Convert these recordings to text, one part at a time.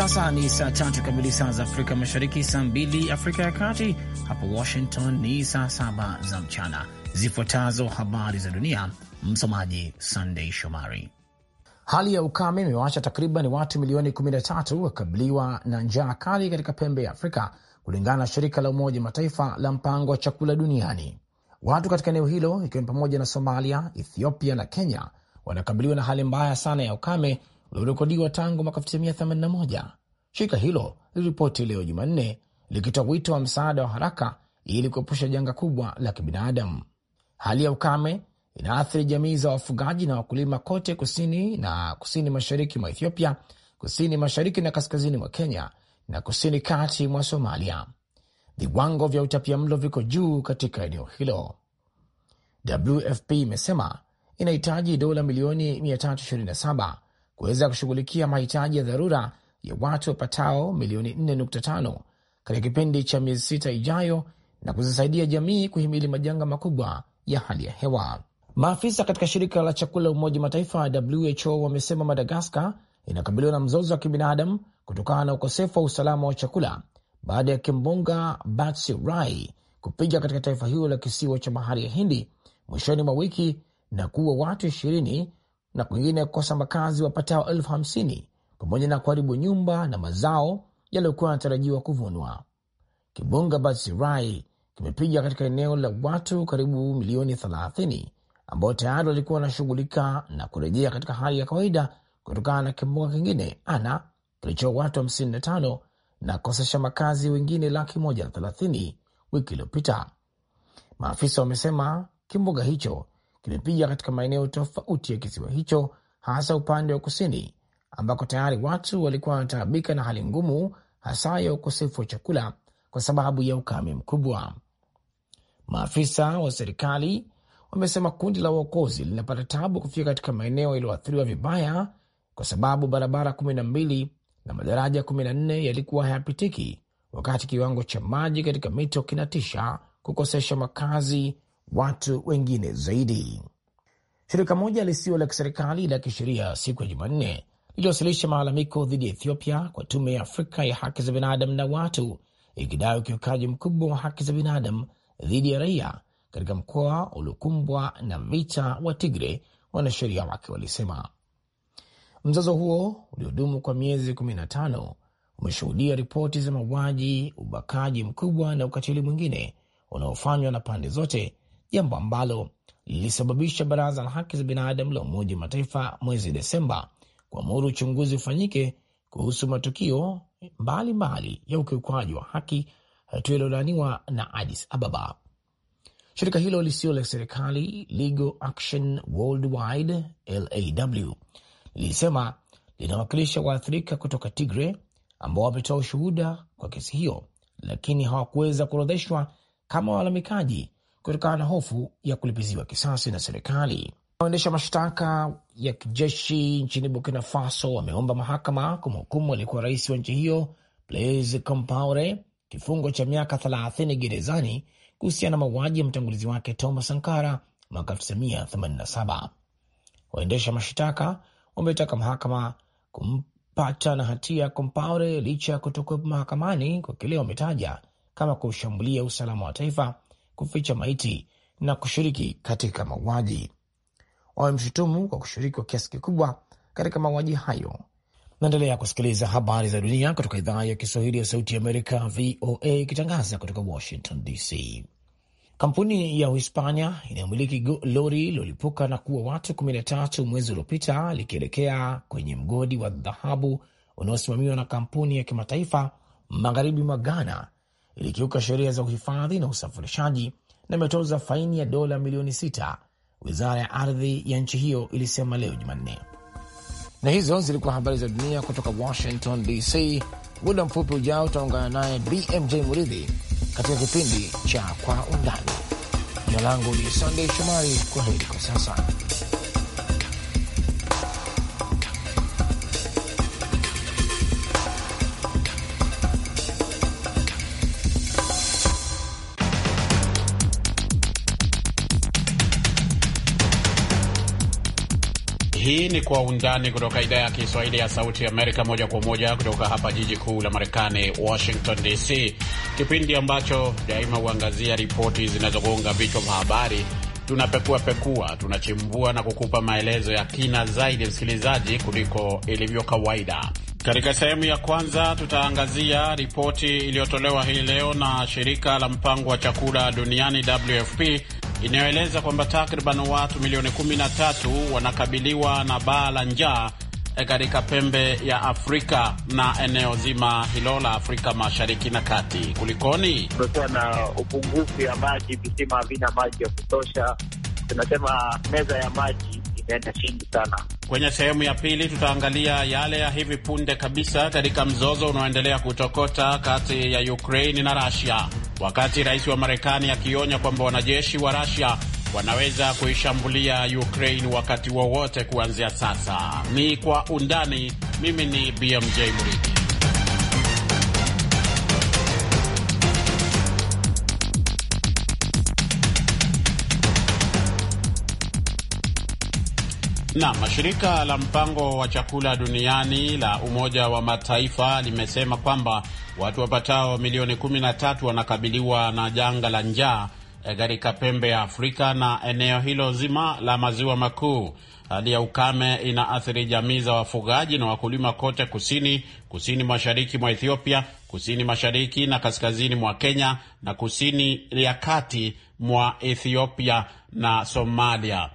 sasa ni saa tatu kamili, saa za Afrika Mashariki, saa mbili Afrika ya Kati. Hapo Washington ni saa saba za mchana. Zifuatazo habari za dunia, msomaji Sandei Shomari. Hali ya ukame imewaacha takriban watu milioni 13 wakabiliwa na njaa kali katika pembe ya Afrika, kulingana na shirika la Umoja Mataifa la mpango wa chakula duniani. Watu katika eneo hilo ikiwa ni pamoja na Somalia, Ethiopia na Kenya wanakabiliwa na hali mbaya sana ya ukame uliorekodiwa tangu mwaka 1981. Shirika hilo liliripoti leo Jumanne likitoa wito wa msaada wa haraka ili kuepusha janga kubwa la kibinadamu. Hali ya ukame inaathiri jamii za wafugaji na wakulima kote kusini na kusini mashariki mwa Ethiopia, kusini mashariki na kaskazini mwa Kenya na kusini kati mwa Somalia. Viwango vya utapia mlo viko juu katika eneo hilo. WFP imesema inahitaji dola milioni 327 kuweza kushughulikia mahitaji ya dharura ya watu wapatao milioni 4.5 katika kipindi cha miezi sita ijayo na kuzisaidia jamii kuhimili majanga makubwa ya hali ya hewa. Maafisa katika shirika la chakula la Umoja Mataifa WHO wamesema Madagaskar inakabiliwa na mzozo wa kibinadamu kutokana na ukosefu wa usalama wa chakula baada ya kimbunga Rai kupiga katika taifa hilo la kisiwa cha bahari ya Hindi mwishoni mwa wiki na kuua watu ishirini na kwingine kukosa makazi wapatao elfu hamsini pamoja na kuharibu nyumba na mazao yaliyokuwa yanatarajiwa kuvunwa. Kimbunga Batsirai kimepiga katika eneo la watu karibu milioni 30 ambao tayari walikuwa wanashughulika na kurejea katika hali ya kawaida kutokana na kimbunga kingine Ana kilicho watu 55 na kukosesha makazi wengine laki moja na thelathini wiki iliyopita. Maafisa wamesema kimbunga hicho kimepiga katika maeneo tofauti ya kisiwa hicho, hasa upande wa kusini ambako tayari watu walikuwa wanataabika na hali ngumu, hasa ya ukosefu wa chakula kwa sababu ya ukame mkubwa. Maafisa wa serikali wamesema kundi la uokozi linapata tabu kufika katika maeneo yaliyoathiriwa vibaya kwa sababu barabara kumi na mbili na madaraja kumi na nne yalikuwa hayapitiki, wakati kiwango cha maji katika mito kinatisha kukosesha makazi watu wengine zaidi. Shirika moja lisio la kiserikali la kisheria siku ya Jumanne liliwasilisha malalamiko dhidi ya Ethiopia kwa Tume ya Afrika ya Haki za Binadamu na Watu, ikidai ukiukaji mkubwa wa haki za binadamu dhidi ya raia katika mkoa uliokumbwa na vita wa Tigre. Wanasheria wake walisema mzozo huo uliodumu kwa miezi 15 umeshuhudia ripoti za mauaji, ubakaji mkubwa na ukatili mwingine unaofanywa na pande zote jambo ambalo lilisababisha baraza la haki za binadamu la Umoja wa Mataifa mwezi Desemba kuamuru uchunguzi ufanyike kuhusu matukio mbalimbali mbali ya ukiukwaji wa haki, hatua iliyolaaniwa na Addis Ababa. Shirika hilo lisio la serikali Legal Action Worldwide LAW lilisema linawakilisha waathirika kutoka Tigre ambao wametoa ushuhuda kwa kesi hiyo, lakini hawakuweza kuorodheshwa kama walalamikaji kutokana na hofu ya kulipiziwa kisasi na serikali. Waendesha mashtaka ya kijeshi nchini Burkina Faso wameomba mahakama kumhukumu aliyekuwa rais wa nchi hiyo Blaise Compaore kifungo cha miaka 30 gerezani kuhusiana na mauaji ya mtangulizi wake Thomas Sankara mwaka 1987. Waendesha mashtaka wametaka mahakama kumpata na hatia Compaore licha ya kutokuwepo mahakamani kwa kile wametaja kama kushambulia usalama wa taifa kuficha maiti na kushiriki katika mauaji. Wamemshutumu kwa kushiriki kwa kiasi kikubwa katika mauaji hayo. Naendelea kusikiliza habari za dunia kutoka idhaa ya Kiswahili ya Sauti Amerika, VOA, ikitangaza kutoka Washington DC. Kampuni ya Uhispania inayomiliki lori lilolipuka na kuwa watu 13 mwezi uliopita likielekea kwenye mgodi wa dhahabu unaosimamiwa na kampuni ya kimataifa magharibi mwa Ghana ilikiuka sheria za uhifadhi na usafirishaji na imetoza faini ya dola milioni sita, wizara ya ardhi ya nchi hiyo ilisema leo Jumanne. Na hizo zilikuwa habari za dunia kutoka Washington DC. Muda mfupi ujao utaungana naye BMJ Muridhi katika kipindi cha Kwa Undani. Jina langu ni Sandey Shomari. Kwa heri kwa sasa. Hii ni Kwa Undani kutoka idhaa ya Kiswahili ya Sauti Amerika, moja kwa moja kutoka hapa jiji kuu la Marekani, Washington DC, kipindi ambacho daima huangazia ripoti zinazogonga vichwa vya habari. Tunapekua pekua, tunachimbua na kukupa maelezo ya kina zaidi, msikilizaji, kuliko ilivyo kawaida. Katika sehemu ya kwanza tutaangazia ripoti iliyotolewa hii leo na shirika la mpango wa chakula duniani WFP inayoeleza kwamba takriban watu milioni 13 wanakabiliwa na baa la njaa eh, katika pembe ya Afrika na eneo zima hilo la Afrika mashariki na kati. Kulikoni, kumekuwa na upungufu ya maji, visima havina maji ya kutosha. Tunasema meza ya maji imeenda chini sana. Kwenye sehemu ya pili tutaangalia yale ya hivi punde kabisa katika mzozo unaoendelea kutokota kati ya Ukraini na Rasia, wakati rais wa Marekani akionya kwamba wanajeshi wa Rasia wanaweza kuishambulia Ukraini wakati wowote kuanzia sasa. Ni kwa undani. Mimi ni BMJ Muriki. Nam, shirika la mpango wa chakula duniani la Umoja wa Mataifa limesema kwamba watu wapatao milioni 13 wanakabiliwa na janga la njaa eh, katika pembe ya Afrika na eneo hilo zima la maziwa makuu. Hali ya ukame inaathiri jamii za wafugaji na wakulima kote kusini, kusini mashariki mwa Ethiopia, kusini mashariki na kaskazini mwa Kenya na kusini ya kati mwa Ethiopia na Somalia.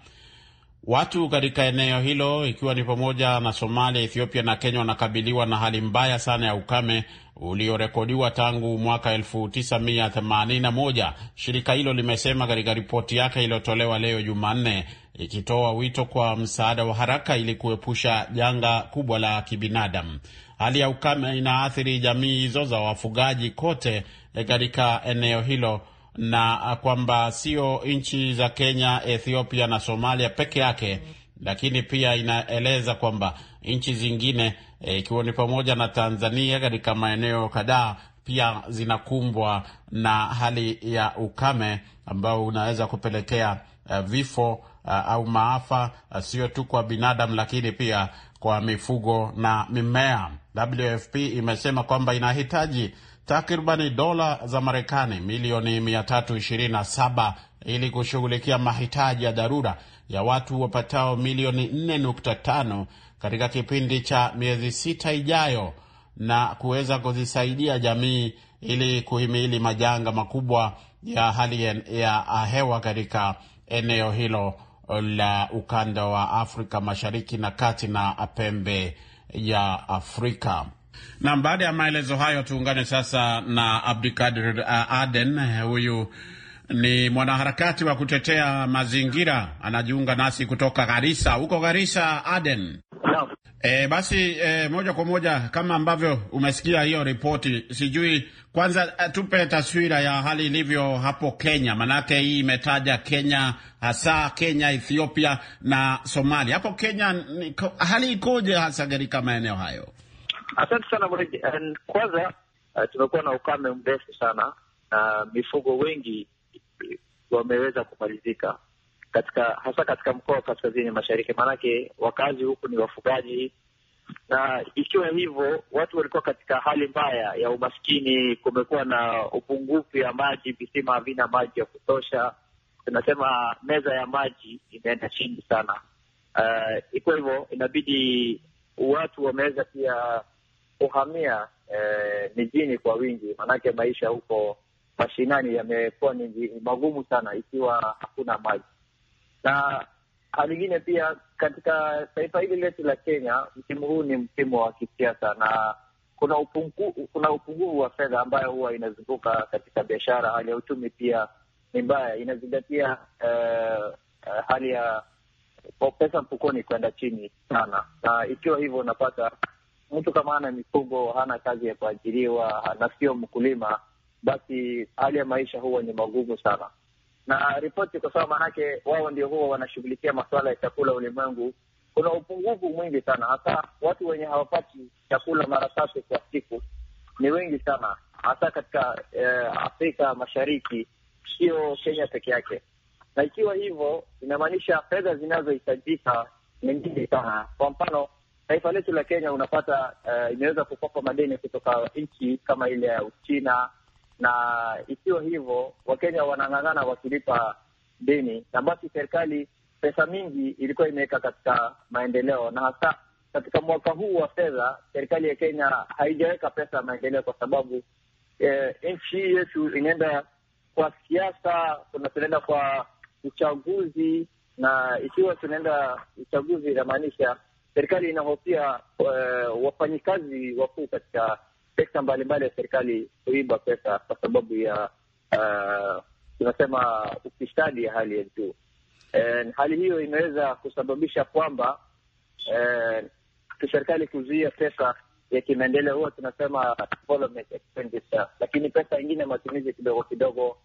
Watu katika eneo hilo ikiwa ni pamoja na Somalia, Ethiopia na Kenya wanakabiliwa na hali mbaya sana ya ukame uliorekodiwa tangu mwaka 1981 shirika hilo limesema katika ripoti yake iliyotolewa leo Jumanne, ikitoa wito kwa msaada wa haraka ili kuepusha janga kubwa la kibinadamu. Hali ya ukame inaathiri jamii hizo za wafugaji kote eh, katika eneo hilo na kwamba sio nchi za Kenya, Ethiopia na Somalia peke yake, lakini pia inaeleza kwamba nchi zingine eh, ikiwa e, ni pamoja na Tanzania katika maeneo kadhaa pia zinakumbwa na hali ya ukame ambao unaweza kupelekea uh, vifo uh, au maafa uh, sio tu kwa binadamu, lakini pia kwa mifugo na mimea. WFP imesema kwamba inahitaji takribani dola za Marekani milioni 327 ili kushughulikia mahitaji ya dharura ya watu wapatao milioni 4.5 katika kipindi cha miezi sita ijayo na kuweza kuzisaidia jamii ili kuhimili majanga makubwa ya hali ya hewa katika eneo hilo la ukanda wa Afrika Mashariki na kati na pembe ya Afrika. Nam, baada ya maelezo hayo, tuungane sasa na Abdikadir uh, Aden. Huyu ni mwanaharakati wa kutetea mazingira, anajiunga nasi kutoka Garissa. Huko Garissa, Aden. E, basi e, moja kwa moja kama ambavyo umesikia hiyo ripoti, sijui kwanza e, tupe taswira ya hali ilivyo hapo Kenya, manake hii imetaja Kenya, hasa Kenya, Ethiopia na Somalia. Hapo Kenya hali ikoje hasa katika maeneo hayo? Asante sana Mwene. Kwanza uh, tumekuwa na ukame mrefu sana na uh, mifugo wengi wameweza kumalizika katika hasa katika mkoa wa kaskazini mashariki, maanake wakazi huku ni wafugaji, na ikiwa hivyo watu walikuwa katika hali mbaya ya umaskini. Kumekuwa na upungufu ya maji, visima havina maji ya kutosha, tunasema meza ya maji imeenda chini sana. Uh, eh, ikiwa hivyo, inabidi watu wameweza pia kuhamia eh, mijini kwa wingi, maanake maisha huko mashinani yamekuwa ni magumu sana ikiwa hakuna maji. Na hali ingine pia katika taifa hili letu la Kenya, msimu huu ni msimu wa kisiasa na kuna upunguvu kuna upungufu wa fedha ambayo huwa inazunguka katika biashara. Hali ya uchumi pia ni mbaya, inazingatia eh, hali ya pesa mfukoni kwenda chini sana, na ikiwa hivyo unapata mtu kama hana mifugo, hana kazi ya kuajiriwa na sio mkulima, basi hali ya maisha huwa ni magumu sana na ripoti, kwa sababu maanake wao ndio huwa wanashughulikia masuala ya chakula ulimwengu. Kuna upungufu mwingi sana, hasa watu wenye hawapati chakula mara tatu kwa siku ni wengi sana, hasa katika eh, Afrika Mashariki, sio Kenya peke yake. Na ikiwa hivyo, inamaanisha fedha zinazohitajika ni nyingi sana. Kwa mfano taifa letu la Kenya unapata uh, imeweza kukopa madeni kutoka nchi kama ile ya Uchina, na ikiwa hivyo Wakenya wanang'ang'ana wakilipa deni, na basi serikali pesa mingi ilikuwa imeweka katika maendeleo, na hasa katika mwaka huu wa fedha serikali ya Kenya haijaweka pesa ya maendeleo kwa sababu eh, nchi yetu inaenda kwa siasa, tunaenda kwa uchaguzi, na ikiwa tunaenda uchaguzi inamaanisha serikali inahofia uh, eh, wafanyikazi wakuu katika sekta mbalimbali ya serikali kuiba pesa kwa sababu ya uh, tunasema ufisadi ya hali ya juu. And eh, hali hiyo imeweza kusababisha kwamba uh, serikali kuzuia pesa ya kimaendeleo, huwa tunasema development expenditure, lakini pesa ingine matumizi kidogo kidogo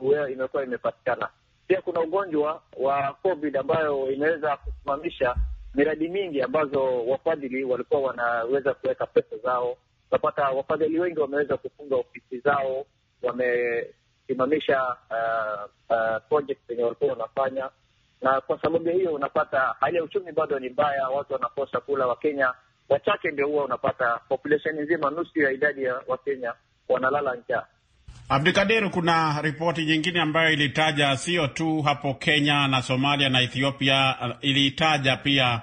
uh, imekuwa imepatikana. Pia kuna ugonjwa wa COVID ambayo imeweza kusimamisha miradi mingi ambazo wafadhili walikuwa wanaweza kuweka pesa zao. Unapata wafadhili wengi wameweza kufunga ofisi zao, wamesimamisha uh, uh, project zenye walikuwa wanafanya, na kwa sababu hiyo unapata hali ya uchumi bado ni mbaya, watu wanakosa kula. Wakenya wachache ndio huwa unapata population nzima, nusu ya idadi ya Wakenya wanalala njaa. Abdikadir, kuna ripoti nyingine ambayo ilitaja sio tu hapo Kenya na Somalia na Ethiopia, uh, ilitaja pia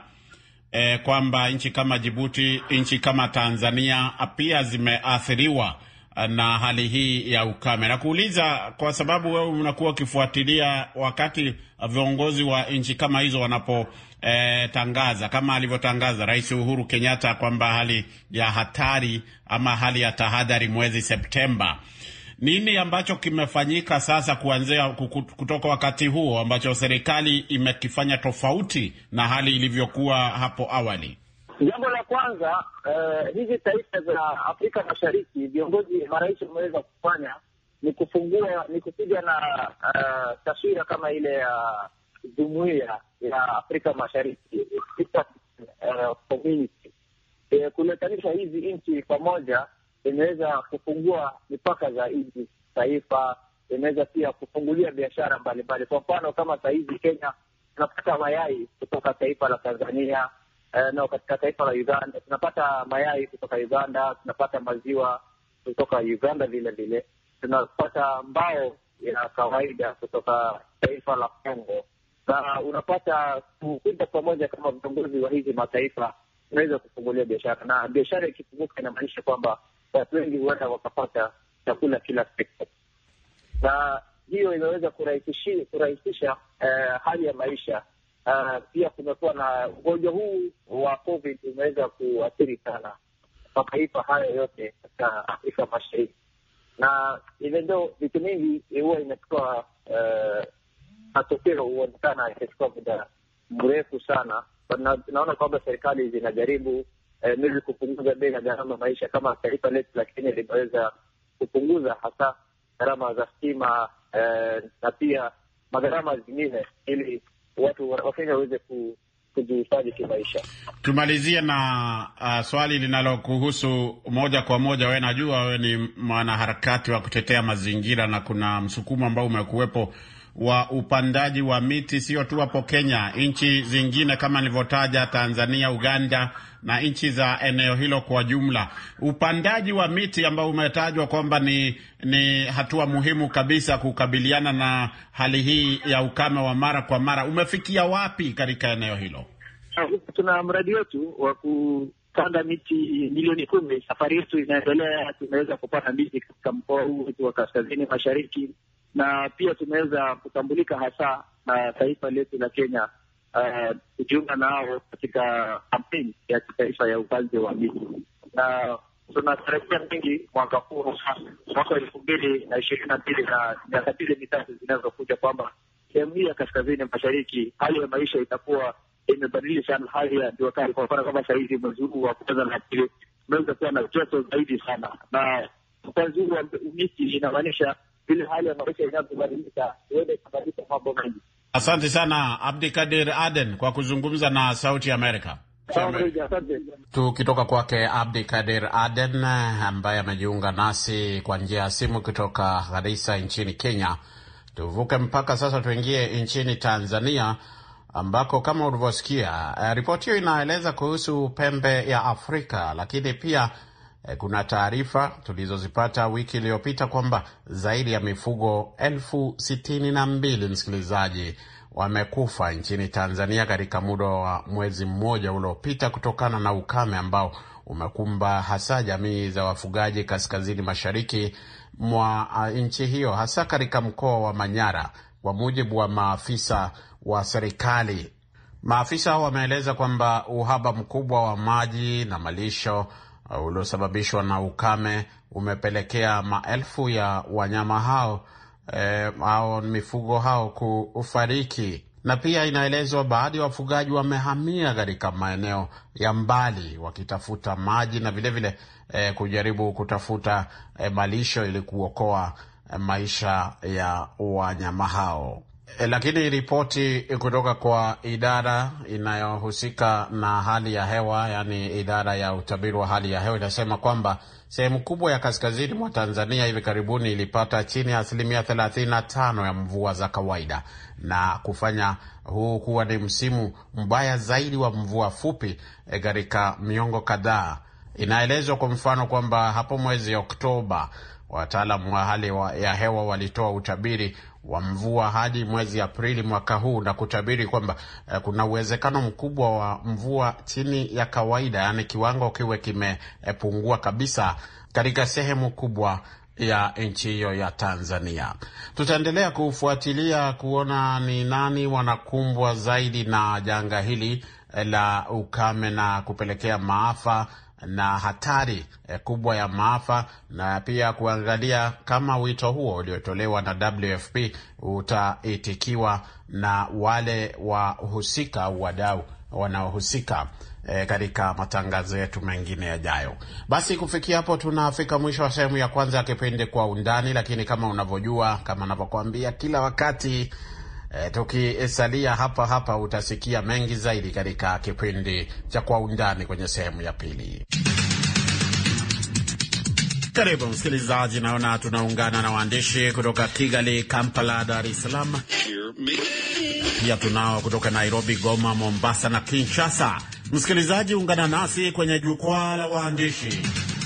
eh, kwamba nchi kama Jibuti, nchi kama Tanzania pia zimeathiriwa uh, na hali hii ya ukame. Nakuuliza kwa sababu wewe unakuwa ukifuatilia wakati viongozi wa nchi kama hizo wanapotangaza, eh, kama alivyotangaza Rais Uhuru Kenyatta kwamba hali ya hatari ama hali ya tahadhari mwezi Septemba. Nini ambacho kimefanyika sasa kuanzia kutoka wakati huo ambacho serikali imekifanya tofauti na hali ilivyokuwa hapo awali? Jambo la kwanza uh, hizi taifa za Afrika Mashariki viongozi, marais wameweza kufanya ni kufungua, ni kupiga na uh, taswira kama ile ya uh, jumuiya ya Afrika Mashariki uh, community kuletanisha hizi nchi pamoja imeweza kufungua mipaka za nchi taifa, imeweza pia kufungulia biashara mbalimbali. Kwa mfano kama sahizi Kenya tunapata mayai kutoka taifa la Tanzania eh, na katika taifa la Uganda tunapata mayai kutoka Uganda, tunapata maziwa kutoka Uganda vile vile, tunapata mbao ya kawaida kutoka taifa la Kongo na unapata kukuja pamoja kama viongozi wa hizi mataifa unaweza kufungulia biashara, na biashara ikifunguka inamaanisha kwamba watu wengi huenda wakapata chakula kila siku, na hiyo imeweza kurahisisha eh, hali ya maisha. Uh, pia kumekuwa na ugonjwa huu wa COVID umeweza kuathiri sana mataifa haya yote katika Afrika Mashariki, na ivendo vitu mingi huwa imetoa eh, matokeo uh, huonekana itachukua muda mrefu sana, na kwamba serikali zinajaribu Eh, imeweza kupunguza bei na gharama maisha. Kama taifa letu la Kenya limeweza kupunguza hasa gharama za stima eh, na pia magharama zingine, ili watu Wakenya waweze ku kimaisha. Tumalizie na uh, swali linalokuhusu moja kwa moja. We najua wewe ni mwanaharakati wa kutetea mazingira na kuna msukumo ambao umekuwepo wa upandaji wa miti sio tu hapo Kenya, nchi zingine kama nilivyotaja, Tanzania, Uganda na nchi za eneo hilo kwa jumla. Upandaji wa miti ambao umetajwa kwamba ni, ni hatua muhimu kabisa kukabiliana na hali hii ya ukame wa mara kwa mara umefikia wapi katika eneo hilo? Ah, tuna mradi wetu wa kupanda miti milioni kumi. Safari yetu inaendelea, tumeweza kupanda miti katika mkoa huu wetu wa kaskazini mashariki, na pia tumeweza kutambulika hasa na taifa letu la Kenya Uh, kujiunga uh, nao katika kampeni ya kitaifa ya upanzi wa miti na tunatarajia mengi mwaka huu, mwaka elfu mbili na ishirini na mbili na miaka mbili mitatu zinazokuja, kwamba sehemu hii ya kaskazini mashariki hali ya maisha itakuwa imebadili sana hali ya jua kali. Kwa mfano kama sahizi mwezi huu wa kwanza na pili umeweza kuwa na joto zaidi sana, na upanzi huu wa miti inamaanisha vile hali ya maisha inavyobadilika, huenda ikabadilika mambo mengi. Asante sana Abdikadir Aden kwa kuzungumza na Sauti Amerika. Tukitoka kwake Abdi Kadir Aden ambaye amejiunga nasi kwa njia ya simu kutoka Garissa nchini Kenya. Tuvuke mpaka sasa tuingie nchini Tanzania ambako kama ulivyosikia, eh, ripoti hiyo inaeleza kuhusu pembe ya Afrika, lakini pia Eh, kuna taarifa tulizozipata wiki iliyopita kwamba zaidi ya mifugo elfu sitini na mbili msikilizaji, wamekufa nchini Tanzania katika muda wa mwezi mmoja uliopita kutokana na ukame ambao umekumba hasa jamii za wafugaji kaskazini mashariki mwa eh, nchi hiyo, hasa katika mkoa wa Manyara, kwa mujibu wa maafisa wa serikali. Maafisa wameeleza kwamba uhaba mkubwa wa maji na malisho Uh, uliosababishwa na ukame umepelekea maelfu ya wanyama hao eh, au mifugo hao kufariki na pia inaelezwa baadhi ya wafugaji wamehamia katika maeneo ya mbali wakitafuta maji na vilevile vile, eh, kujaribu kutafuta eh, malisho ili kuokoa eh, maisha ya wanyama hao. Eh, lakini ripoti kutoka kwa idara inayohusika na hali ya hewa, yaani idara ya utabiri wa hali ya hewa inasema kwamba sehemu kubwa ya kaskazini mwa Tanzania hivi karibuni ilipata chini ya asilimia 35 ya mvua za kawaida na kufanya huu kuwa ni msimu mbaya zaidi wa mvua fupi eh, katika miongo kadhaa. Inaelezwa kwa mfano kwamba hapo mwezi Oktoba Wataalamu wa hali ya hewa walitoa utabiri wa mvua hadi mwezi Aprili mwaka huu na kutabiri kwamba eh, kuna uwezekano mkubwa wa mvua chini ya kawaida, yaani kiwango kiwe kimepungua kabisa katika sehemu kubwa ya nchi hiyo ya Tanzania. Tutaendelea kufuatilia kuona ni nani wanakumbwa zaidi na janga hili eh, la ukame na kupelekea maafa na hatari eh, kubwa ya maafa na pia kuangalia kama wito huo uliotolewa na WFP utaitikiwa na wale wahusika au wadau wanaohusika. E, katika matangazo yetu mengine yajayo. Basi kufikia hapo tunafika mwisho wa sehemu ya kwanza ya kipindi Kwa Undani, lakini kama unavyojua, kama anavyokuambia kila wakati E, tukisalia hapa hapa utasikia mengi zaidi katika kipindi cha Kwa Undani kwenye sehemu ya pili. Karibu msikilizaji, naona tunaungana na waandishi kutoka Kigali, Kampala, Dar es Salaam. Pia tunao kutoka Nairobi, Goma, Mombasa na Kinshasa. Msikilizaji, ungana nasi kwenye jukwaa la waandishi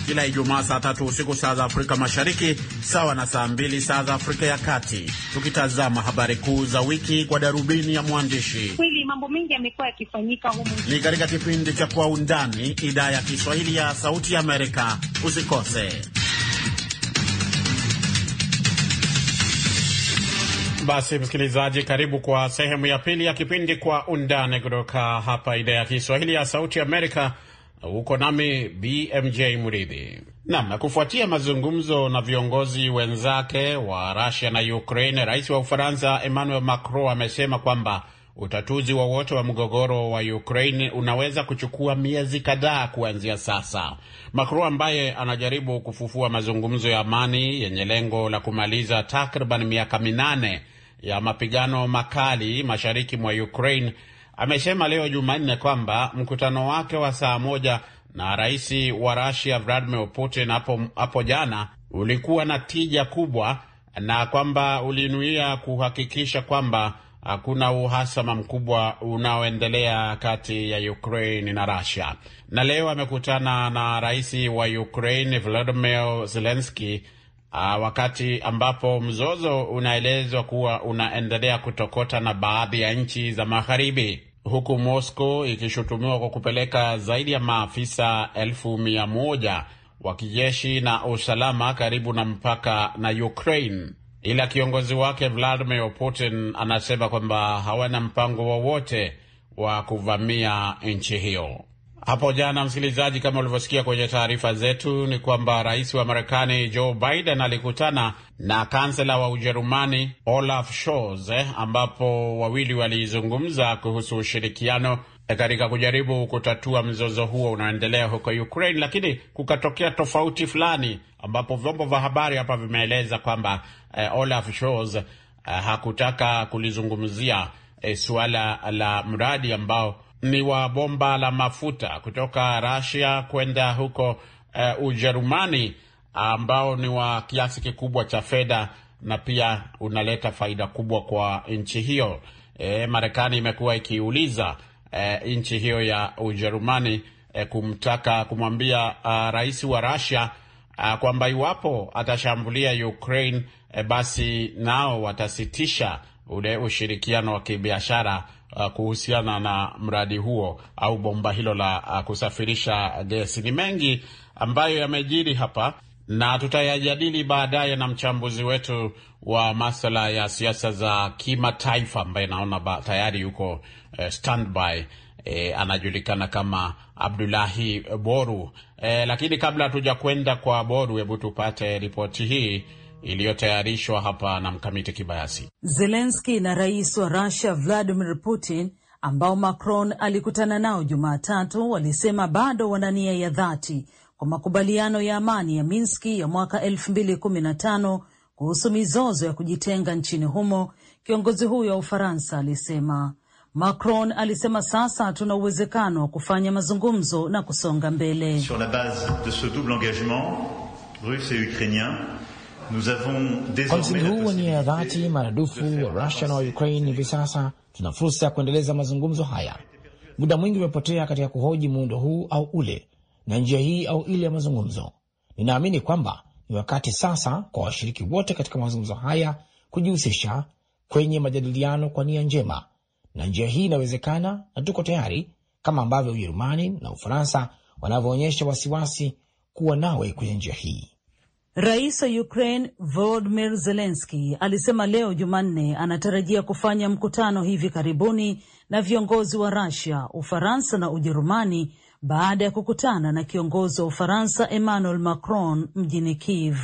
kila Ijumaa saa tatu usiku saa za Afrika Mashariki, sawa na saa mbili saa za Afrika ya Kati, tukitazama habari kuu za wiki kwa darubini ya mwandishi. Kweli mambo mengi yamekuwa yakifanyika humu. Ni katika kipindi cha Kwa Undani, idhaa ya Kiswahili ya Sauti ya Amerika. Usikose. Basi msikilizaji, karibu kwa sehemu ya pili ya kipindi Kwa Undani kutoka hapa idhaa ya Kiswahili ya Sauti Amerika Uko nami BMJ Mridhi. Naam, na kufuatia mazungumzo na viongozi wenzake wa Russia na Ukraine, rais wa Ufaransa Emmanuel Macron amesema kwamba utatuzi wowote wa, wa mgogoro wa Ukraine unaweza kuchukua miezi kadhaa kuanzia sasa. Macron ambaye anajaribu kufufua mazungumzo ya amani yenye lengo la kumaliza takriban miaka minane ya mapigano makali mashariki mwa Ukraine amesema leo Jumanne kwamba mkutano wake wa saa moja na rais wa Rusia Vladimir Putin hapo hapo jana ulikuwa na tija kubwa na kwamba ulinuia kuhakikisha kwamba hakuna uhasama mkubwa unaoendelea kati ya Ukraine na rasia Na leo amekutana na rais wa Ukraine Volodymyr Zelensky uh, wakati ambapo mzozo unaelezwa kuwa unaendelea kutokota na baadhi ya nchi za magharibi huku Moscow ikishutumiwa kwa kupeleka zaidi ya maafisa elfu mia moja wa kijeshi na usalama karibu na mpaka na Ukraine, ila kiongozi wake Vladimir Putin anasema kwamba hawana mpango wowote wa, wa kuvamia nchi hiyo. Hapo jana, msikilizaji, kama ulivyosikia kwenye taarifa zetu, ni kwamba rais wa Marekani Joe Biden alikutana na kansela wa Ujerumani Olaf Scholz, eh, ambapo wawili walizungumza kuhusu ushirikiano eh, katika kujaribu kutatua mzozo huo unaoendelea huko Ukraine, lakini kukatokea tofauti fulani, ambapo vyombo vya habari hapa vimeeleza kwamba eh, Olaf Scholz eh, hakutaka kulizungumzia eh, suala la mradi ambao ni wa bomba la mafuta kutoka Russia kwenda huko uh, Ujerumani ambao ni wa kiasi kikubwa cha fedha na pia unaleta faida kubwa kwa nchi hiyo. E, Marekani imekuwa ikiuliza e, nchi hiyo ya Ujerumani e, kumtaka kumwambia ah, rais wa Russia ah, kwamba iwapo atashambulia Ukraine e, basi nao watasitisha ule ushirikiano wa kibiashara uh, kuhusiana na mradi huo au bomba hilo la uh, kusafirisha gesi. Ni mengi ambayo yamejiri hapa na tutayajadili baadaye na mchambuzi wetu wa masuala ya siasa za kimataifa ambaye naona tayari yuko eh, standby eh, anajulikana kama Abdulahi Boru. Eh, lakini kabla hatuja kwenda kwa Boru, hebu tupate ripoti hii iliyotayarishwa hapa na Mkamiti Kibayasi. Zelenski na rais wa Rusia Vladimir Putin ambao Macron alikutana nao Jumatatu walisema bado wana nia ya dhati kwa makubaliano ya amani ya Minski ya mwaka elfu mbili kumi na tano kuhusu mizozo ya kujitenga nchini humo. Kiongozi huyo wa Ufaransa alisema. Macron alisema sasa tuna uwezekano wa kufanya mazungumzo na kusonga mbele Sur la base de ce double engagement russe et ukrainien kwa Msingi huu wenye dhati maradufu wa Rusia na wa Ukraine hivi sasa, tuna fursa ya kuendeleza mazungumzo haya. Muda mwingi umepotea katika kuhoji muundo huu au ule na njia hii au ile ya mazungumzo. Ninaamini kwamba ni wakati sasa kwa washiriki wote katika mazungumzo haya kujihusisha kwenye majadiliano kwa nia njema, na njia hii inawezekana, na tuko tayari, kama ambavyo Ujerumani na Ufaransa wanavyoonyesha wasiwasi kuwa nawe kwenye njia hii. Rais wa Ukraine Volodymyr Zelensky alisema leo Jumanne anatarajia kufanya mkutano hivi karibuni na viongozi wa Russia, Ufaransa na Ujerumani baada ya kukutana na kiongozi wa Ufaransa Emmanuel Macron mjini Kiev.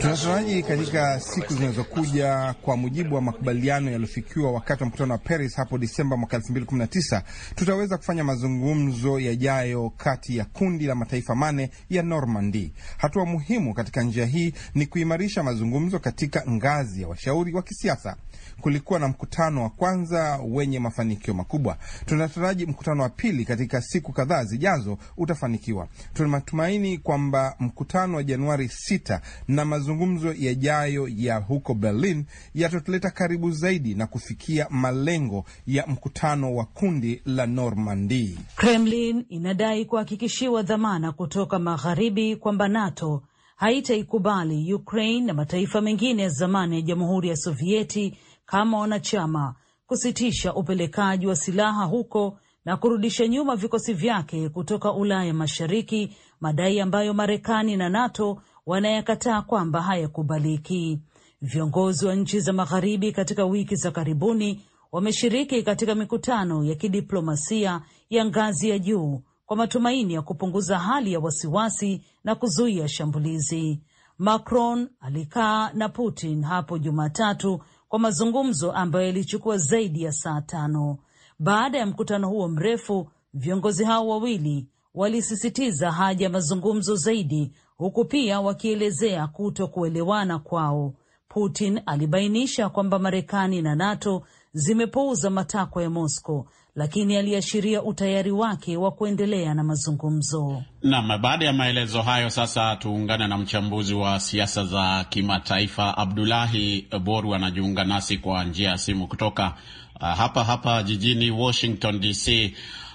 Tunataraji katika siku zinazokuja, kwa mujibu wa makubaliano yaliyofikiwa wakati wa mkutano wa Paris hapo Disemba mwaka 2019, tutaweza kufanya mazungumzo yajayo kati ya kundi la mataifa mane ya Normandi. Hatua muhimu katika njia hii ni kuimarisha mazungumzo katika ngazi ya washauri wa kisiasa kulikuwa na mkutano wa kwanza wenye mafanikio makubwa. Tunataraji mkutano wa pili katika siku kadhaa zijazo utafanikiwa. Tuna matumaini kwamba mkutano wa Januari 6 na mazungumzo yajayo ya huko Berlin yatatuleta karibu zaidi na kufikia malengo ya mkutano wa kundi la Normandi. Kremlin inadai kuhakikishiwa dhamana kutoka magharibi kwamba NATO haitaikubali Ukraine na mataifa mengine ya zamani ya Jamhuri ya Sovieti kama wanachama kusitisha upelekaji wa silaha huko na kurudisha nyuma vikosi vyake kutoka Ulaya Mashariki, madai ambayo Marekani na NATO wanayakataa kwamba hayakubaliki. Viongozi wa nchi za magharibi katika wiki za karibuni wameshiriki katika mikutano ya kidiplomasia ya ngazi ya juu kwa matumaini ya kupunguza hali ya wasiwasi na kuzuia shambulizi. Macron alikaa na Putin hapo Jumatatu kwa mazungumzo ambayo yalichukua zaidi ya saa tano. Baada ya mkutano huo mrefu, viongozi hao wawili walisisitiza haja ya mazungumzo zaidi, huku pia wakielezea kuto kuelewana kwao. Putin alibainisha kwamba Marekani na NATO zimepuuza matakwa ya Moscow lakini aliashiria utayari wake wa kuendelea na mazungumzo. Naam, baada ya maelezo hayo, sasa tuungane na mchambuzi wa siasa za kimataifa Abdulahi Boru, anajiunga nasi kwa njia ya simu kutoka uh, hapa hapa jijini Washington DC.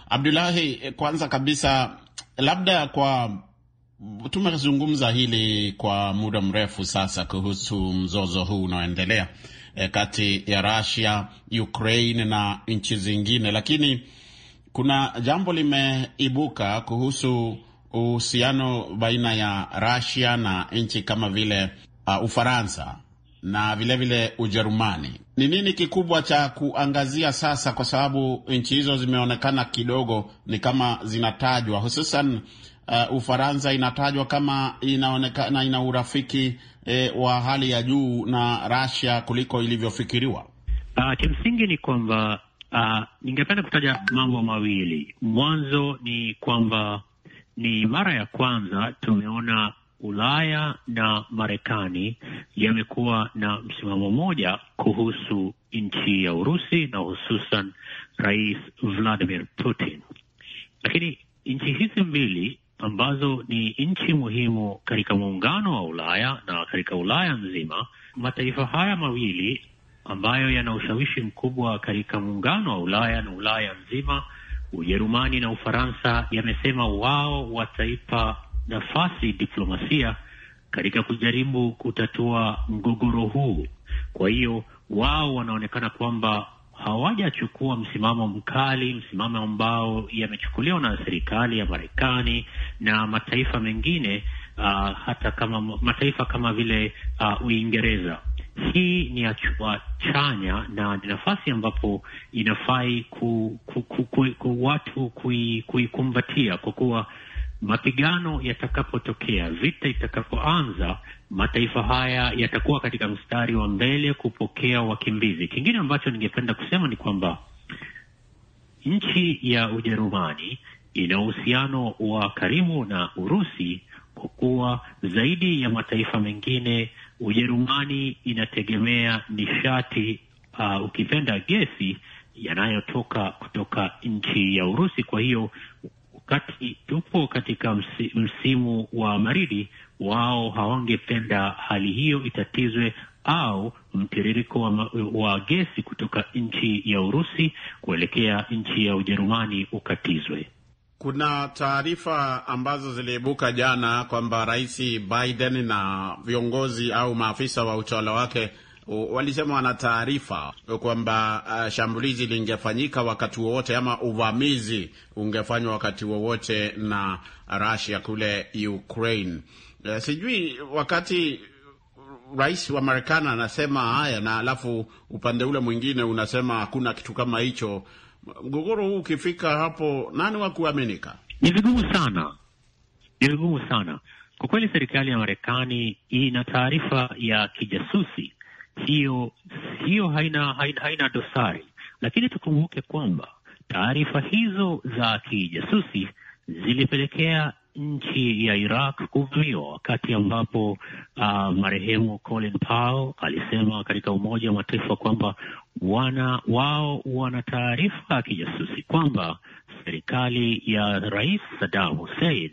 Abdulahi, kwanza kabisa, labda kwa tumezungumza hili kwa muda mrefu sasa kuhusu mzozo huu unaoendelea eh, kati ya Russia, Ukraine na nchi zingine, lakini kuna jambo limeibuka kuhusu uhusiano baina ya Russia na nchi kama vile uh, Ufaransa na vilevile vile Ujerumani. Ni nini kikubwa cha kuangazia sasa, kwa sababu nchi hizo zimeonekana kidogo ni kama zinatajwa, hususan uh, Ufaransa inatajwa kama inaonekana ina urafiki e, wa hali ya juu na Russia kuliko ilivyofikiriwa? Uh, kimsingi ni kwamba uh, ningependa kutaja mambo mawili. Mwanzo ni kwamba ni mara ya kwanza tumeona Ulaya na Marekani yamekuwa na msimamo mmoja kuhusu nchi ya Urusi na hususan Rais Vladimir Putin, lakini nchi hizi mbili ambazo ni nchi muhimu katika muungano wa Ulaya na katika Ulaya nzima. Mataifa haya mawili ambayo yana ushawishi mkubwa katika muungano wa Ulaya na Ulaya nzima, Ujerumani na Ufaransa, yamesema wao wataipa nafasi diplomasia katika kujaribu kutatua mgogoro huu. Kwa hiyo wao wanaonekana kwamba hawajachukua msimamo mkali, msimamo ambao yamechukuliwa na serikali ya Marekani na mataifa mengine uh, hata kama mataifa kama vile uh, Uingereza. Hii ni hatua chanya na ni nafasi ambapo inafai ku, ku, ku, ku, ku watu kuikumbatia kui kwa kuwa mapigano yatakapotokea, vita itakapoanza, mataifa haya yatakuwa katika mstari wa mbele kupokea wakimbizi. Kingine ambacho ningependa kusema ni kwamba nchi ya Ujerumani ina uhusiano wa karibu na Urusi kwa kuwa zaidi ya mataifa mengine Ujerumani inategemea nishati uh, ukipenda gesi yanayotoka kutoka nchi ya Urusi. Kwa hiyo wakati tupo katika msi, msimu wa baridi, wao hawangependa hali hiyo itatizwe au mtiririko wa, wa gesi kutoka nchi ya Urusi kuelekea nchi ya Ujerumani ukatizwe. Kuna taarifa ambazo ziliibuka jana kwamba Rais Biden na viongozi au maafisa wa utawala wake walisema wana taarifa kwamba uh, shambulizi lingefanyika wakati wowote ama uvamizi ungefanywa wakati wowote na Russia kule Ukraine. Uh, sijui wakati rais wa Marekani anasema haya na alafu upande ule mwingine unasema hakuna kitu kama hicho. Mgogoro huu ukifika hapo, nani wa kuaminika? Ni vigumu sana, ni vigumu sana kwa kweli. Serikali ya Marekani ina taarifa ya kijasusi hiyo hiyo haina, haina, haina dosari, lakini tukumbuke kwamba taarifa hizo za kijasusi zilipelekea nchi ya Iraq kuvamiwa wakati ambapo uh, marehemu Colin Powell alisema katika Umoja wa Mataifa kwamba wana wao wana taarifa ya kijasusi kwamba serikali ya Rais Saddam Hussein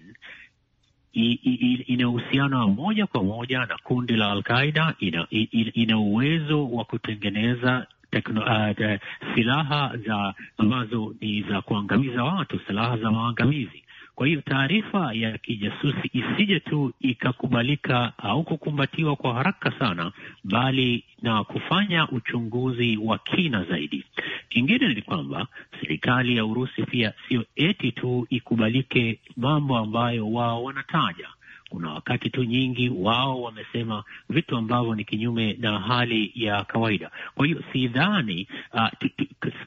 ina uhusiano wa moja kwa moja na kundi la Alqaida. Ina, ina, ina uwezo wa kutengeneza Tekno, uh, ah, de, eh, silaha za ambazo ni za kuangamiza watu, silaha za maangamizi. Kwa hiyo taarifa ya kijasusi isije tu ikakubalika au kukumbatiwa kwa haraka sana, bali na kufanya uchunguzi wa kina zaidi. Kingine ni kwamba serikali ya Urusi pia sio eti tu ikubalike mambo ambayo wao wanataja. Kuna wakati tu nyingi wao wamesema vitu ambavyo ni kinyume na hali ya kawaida. Kwa hiyo sidhani uh,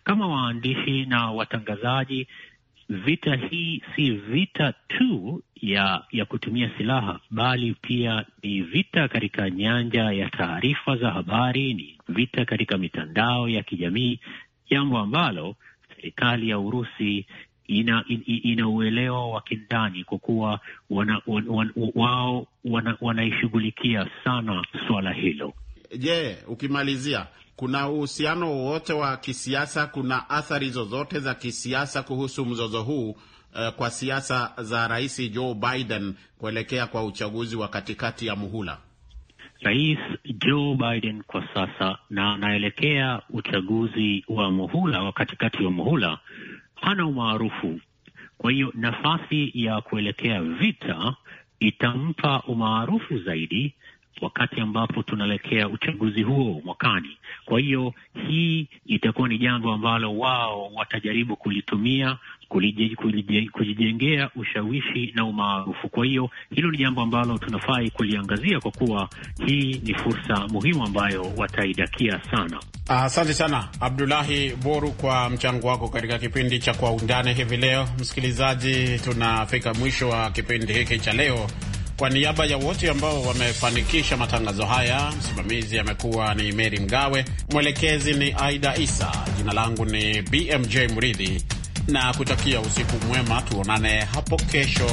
kama waandishi na watangazaji Vita hii si vita tu ya ya kutumia silaha, bali pia ni vita katika nyanja ya taarifa za habari, ni vita katika mitandao ya kijamii, jambo ambalo serikali ya Urusi ina, in, ina uelewa wa kindani kwa kuwa wana, wan, wan, wao wanaishughulikia wana sana suala hilo. Je, ukimalizia kuna uhusiano wowote wa kisiasa, kuna athari zozote za kisiasa kuhusu mzozo huu uh, kwa siasa za Rais Joe Biden kuelekea kwa uchaguzi wa katikati ya muhula? Rais Joe Biden kwa sasa na anaelekea uchaguzi wa muhula wa katikati wa muhula, hana umaarufu. Kwa hiyo nafasi ya kuelekea vita itampa umaarufu zaidi wakati ambapo tunaelekea uchaguzi huo mwakani. Kwa hiyo hii itakuwa ni jambo ambalo wao watajaribu kulitumia kujijengea ushawishi na umaarufu. Kwa hiyo hilo ni jambo ambalo tunafai kuliangazia kwa kuwa hii ni fursa muhimu ambayo wataidakia sana. Asante sana Abdulahi Boru kwa mchango wako katika kipindi cha Kwa Undani hivi leo. Msikilizaji, tunafika mwisho wa kipindi hiki cha leo. Kwa niaba ya wote ambao wamefanikisha matangazo haya, msimamizi amekuwa ni Meri Mgawe, mwelekezi ni Aida Isa, jina langu ni BMJ mridhi na kutakia usiku mwema, tuonane hapo kesho.